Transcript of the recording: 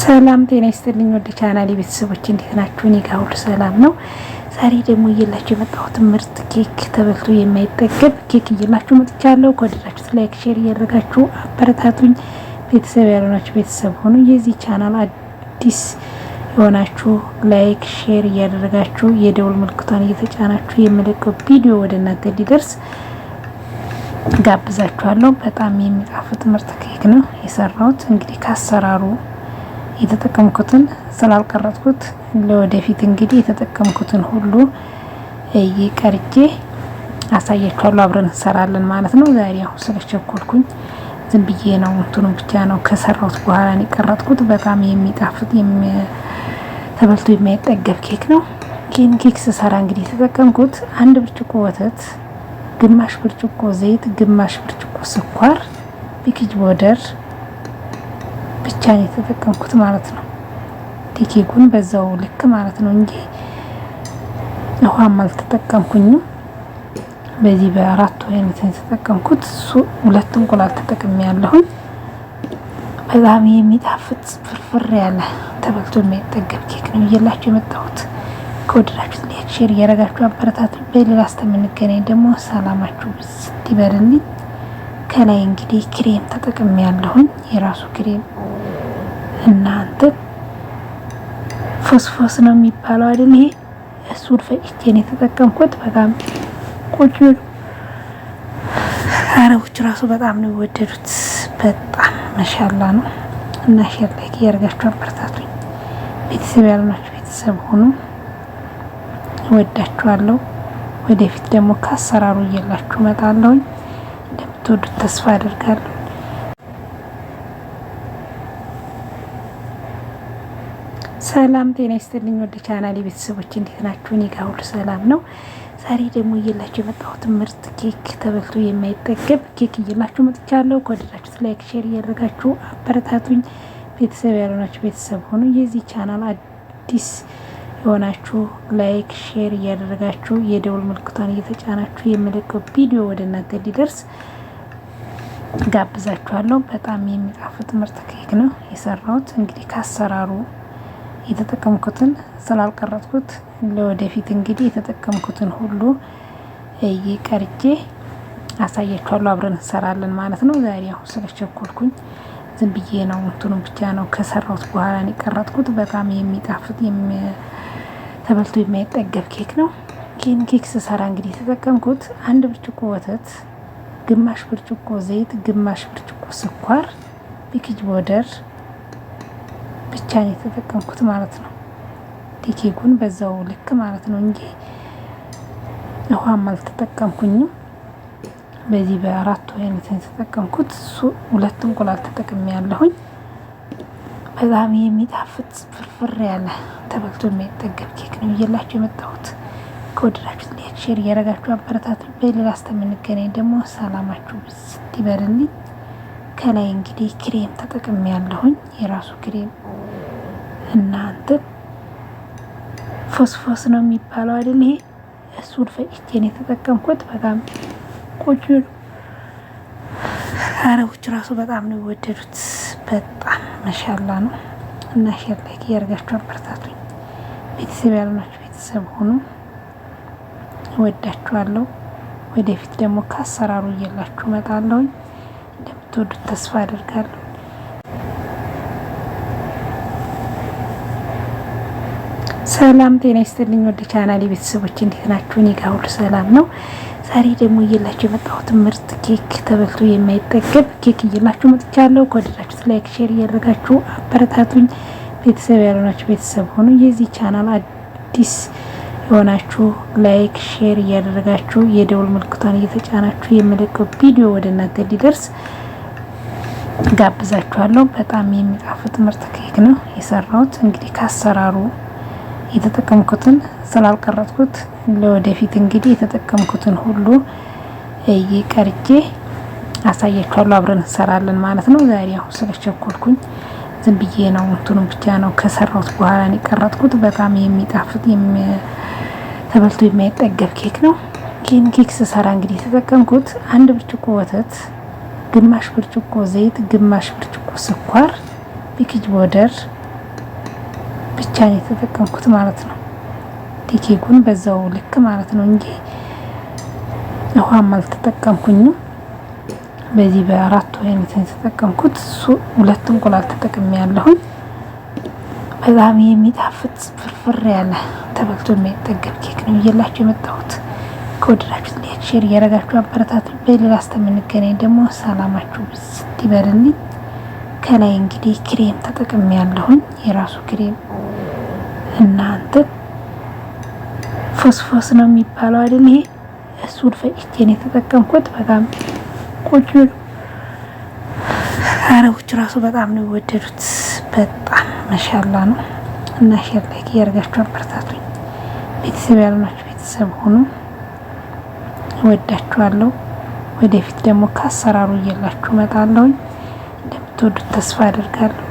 ሰላም ጤና ይስጥልኝ። ወደ ቻናሌ ቤተሰቦች እንዴት ናችሁ? እኔ ጋር ሁሉ ሰላም ነው። ዛሬ ደግሞ እየላችሁ የመጣሁት ምርጥ ኬክ ተበልቶ የማይጠገብ ኬክ እየላችሁ መጥቻለሁ። ከወደዳችሁት ላይክ፣ ሼር እያደረጋችሁ አበረታቱኝ። ቤተሰብ ያልሆናችሁ ቤተሰብ ሆኑ። የዚህ ቻናል አዲስ የሆናችሁ ላይክ፣ ሼር እያደረጋችሁ የደውል ምልክቷን እየተጫናችሁ የምለቀው ቪዲዮ ወደ እናንተ ሊደርስ ጋብዛችኋለሁ። በጣም የሚጣፍጥ ምርጥ ኬክ ነው የሰራሁት። እንግዲህ ከአሰራሩ የተጠቀምኩትን ስላልቀረጥኩት ለወደፊት እንግዲህ የተጠቀምኩትን ሁሉ ይቀርጬ አሳያችኋለሁ። አብረን እንሰራለን ማለት ነው። ዛሬ ያው ስለቸኮልኩኝ ዝም ብዬ ነው እንትኑ ብቻ ነው ከሰራሁት በኋላ የቀረጥኩት። በጣም የሚጣፍጥ ተበልቶ የማይጠገብ ኬክ ነው። ይህን ኬክ ስሰራ እንግዲህ የተጠቀምኩት አንድ ብርጭቆ ወተት፣ ግማሽ ብርጭቆ ዘይት፣ ግማሽ ብርጭቆ ስኳር፣ ቤኪንግ ፓውደር ብቻ ነው የተጠቀምኩት ማለት ነው። ኬኩን በዛው ልክ ማለት ነው እንጂ ውሃም አልተጠቀምኩኝም። በዚህ በአራት አይነት የተጠቀምኩት እሱ ሁለት እንቁላል ተጠቅሜ ያለሁን በጣም የሚጣፍጥ ፍርፍር ያለ ተበልቶ የሚጠገብ ኬክ ነው እየላችሁ የመጣሁት። ከወደዳችሁት ላይክ፣ ሼር እያደረጋችሁ አበረታቱ። በሌላ እስከምንገናኝ ደግሞ ሰላማችሁ ብዝት ይበልልኝ። ከላይ እንግዲህ ክሬም ተጠቅሜ ያለሁን የራሱ ክሬም እናንተ ፎስፎስ ነው የሚባለው አይደል? ይሄ እሱን ፈጭቼ ነው የተጠቀምኩት። በጣም ቆንጆ አረቦች ራሱ በጣም ነው የወደዱት። በጣም መሻላ ነው እና ሼር ላይክ እያደረጋችሁ አበረታቱኝ። ቤተሰብ ያልናችሁ ቤተሰብ ሆኑ። እወዳችኋለሁ። ወደፊት ደግሞ ከአሰራሩ እየላችሁ እመጣለሁኝ። እንደምትወዱት ተስፋ አድርጋለሁ። ሰላም ጤና ይስጥልኝ። ወደ ቻናሌ ቤተሰቦች እንዴት ናችሁ? እኔ ጋር ሁሉ ሰላም ነው። ዛሬ ደግሞ እየላችሁ የመጣሁት ምርጥ ኬክ ተበልቶ የማይጠገብ ኬክ እየላችሁ መጥቻለሁ። ከወደዳችሁት ላይክ፣ ሼር እያደረጋችሁ አበረታቱኝ። ቤተሰብ ያልሆናችሁ ቤተሰብ ሆኑ። የዚህ ቻናል አዲስ የሆናችሁ ላይክ፣ ሼር እያደረጋችሁ የደውል ምልክቷን እየተጫናችሁ የምለቀው ቪዲዮ ወደ እናንተ ሊደርስ ጋብዛችኋለሁ። በጣም የሚጣፍጥ ምርጥ ኬክ ነው የሰራሁት። እንግዲህ ከአሰራሩ የተጠቀምኩትን ስላልቀረጥኩት ለወደፊት እንግዲህ የተጠቀምኩትን ሁሉ እየቀርጬ አሳያችኋለሁ። አብረን እንሰራለን ማለት ነው። ዛሬ አሁን ስለቸኮልኩኝ ዝም ብዬ ነው እንትኑ ብቻ ነው ከሰራሁት በኋላ ነው የቀረጥኩት። በጣም የሚጣፍጥ ተበልቶ የማይጠገብ ኬክ ነው። ይህን ኬክ ስሰራ እንግዲህ የተጠቀምኩት አንድ ብርጭቆ ወተት፣ ግማሽ ብርጭቆ ዘይት፣ ግማሽ ብርጭቆ ስኳር፣ ቤኪንግ ፓውደር ብቻ ነው የተጠቀምኩት ማለት ነው። ኬኩን በዛው ልክ ማለት ነው እንጂ ውሃም አልተጠቀምኩኝም። በዚህ በአራት አይነት የተጠቀምኩት እሱ ሁለት እንቁላል ተጠቅሜ ያለሁኝ በጣም የሚጣፍጥ ፍርፍር ያለ ተበልቶ የሚጠገብ ኬክ ነው እየላችሁ የመጣሁት። ከወደዳችሁት ላይክ፣ ሼር እያደረጋችሁ አበረታቱ። በሌላ እስከምንገናኝ ደግሞ ሰላማችሁ ብዝት ይበልልኝ። ከላይ እንግዲህ ክሬም ተጠቅሜ ያለሁኝ የራሱ ክሬም። እናንተ ፎስፎስ ነው የሚባለው አይደል? ይሄ እሱን ነው የተጠቀምኩት በጣም ቆጆ ነው። አረቦች ራሱ በጣም ነው የወደዱት። በጣም መሻላ ነው እና ሼር ላይክ እያደረጋችሁ አበረታቱኝ። ቤተሰብ ያልሆናችሁ ቤተሰብ ሆኑ። ወዳችኋለሁ። ወደፊት ደግሞ ከአሰራሩ እየላችሁ እመጣለሁኝ። እንደምትወዱት ተስፋ አደርጋለሁ። ሰላም ጤና ይስጥልኝ። ወደ ቻናል የቤተሰቦች እንዴት ናችሁ? እኔ ጋር ሁሉ ሰላም ነው። ዛሬ ደግሞ እየላችሁ የመጣሁት ምርጥ ኬክ ተበልቶ የማይጠገብ ኬክ እየላችሁ መጥቻለሁ። ከወደዳችሁት ላይክ፣ ሼር እያደረጋችሁ አበረታቱኝ። ቤተሰብ ያልሆናችሁ ቤተሰብ ሆኑ። የዚህ ቻናል አዲስ የሆናችሁ ላይክ፣ ሼር እያደረጋችሁ የደውል ምልክቷን እየተጫናችሁ የምለቀው ቪዲዮ ወደ እናንተ ሊደርስ ጋብዛችኋለሁ። በጣም የሚጣፍጥ ምርጥ ኬክ ነው የሰራሁት። እንግዲህ ከአሰራሩ የተጠቀምኩትን ስላልቀረጥኩት ለወደፊት እንግዲህ የተጠቀምኩትን ሁሉ እየቀርጬ አሳያችኋለሁ። አብረን እንሰራለን ማለት ነው። ዛሬ አሁን ስለቸኮልኩኝ ዝም ብዬ ነው እንትኑ ብቻ ነው ከሰራሁት በኋላ ነው የቀረጥኩት። በጣም የሚጣፍጥ የሚ ተበልቶ የማይጠገብ ኬክ ነው። ይህን ኬክ ስሰራ እንግዲህ የተጠቀምኩት አንድ ብርጭቆ ወተት፣ ግማሽ ብርጭቆ ዘይት፣ ግማሽ ብርጭቆ ስኳር፣ ቤኪንግ ፓውደር ብቻ ነው የተጠቀምኩት ማለት ነው። ኬኩን በዛው ልክ ማለት ነው እንጂ ውሃም አልተጠቀምኩኝም። በዚህ በአራት አይነት የተጠቀምኩት ሁለት እንቁላል ተጠቅሜ ያለሁኝ በጣም የሚጣፍጥ ፍርፍር ያለ ተበልቶ የማይጠገብ ኬክ ነው እየላችሁ የመጣሁት። ከወደዳችሁ ላይክ፣ ሼር እያደረጋችሁ አበረታት። በሌላ እስከምንገናኝ ደግሞ ሰላማችሁ ብዝ ይበልልኝ። ከላይ እንግዲህ ክሬም ተጠቅም ያለሁኝ የራሱ ክሬም እናንተ ፎስፎስ ነው የሚባለው አይደል? ይሄ እሱን ፈጭቼን የተጠቀምኩት በጣም ቆንጆ ነው። አረቦች ራሱ በጣም ነው የወደዱት በጣም ማሻላ ነው እና ሼር ላይክ እያደረጋችሁ አበረታቱኝ። ቤተሰብ ያልናችሁ ቤተሰብ ሆኑ። እወዳችኋለሁ። ወደፊት ደግሞ ከአሰራሩ እየላችሁ እመጣለሁኝ። እንደምትወዱት ተስፋ አድርጋለሁ።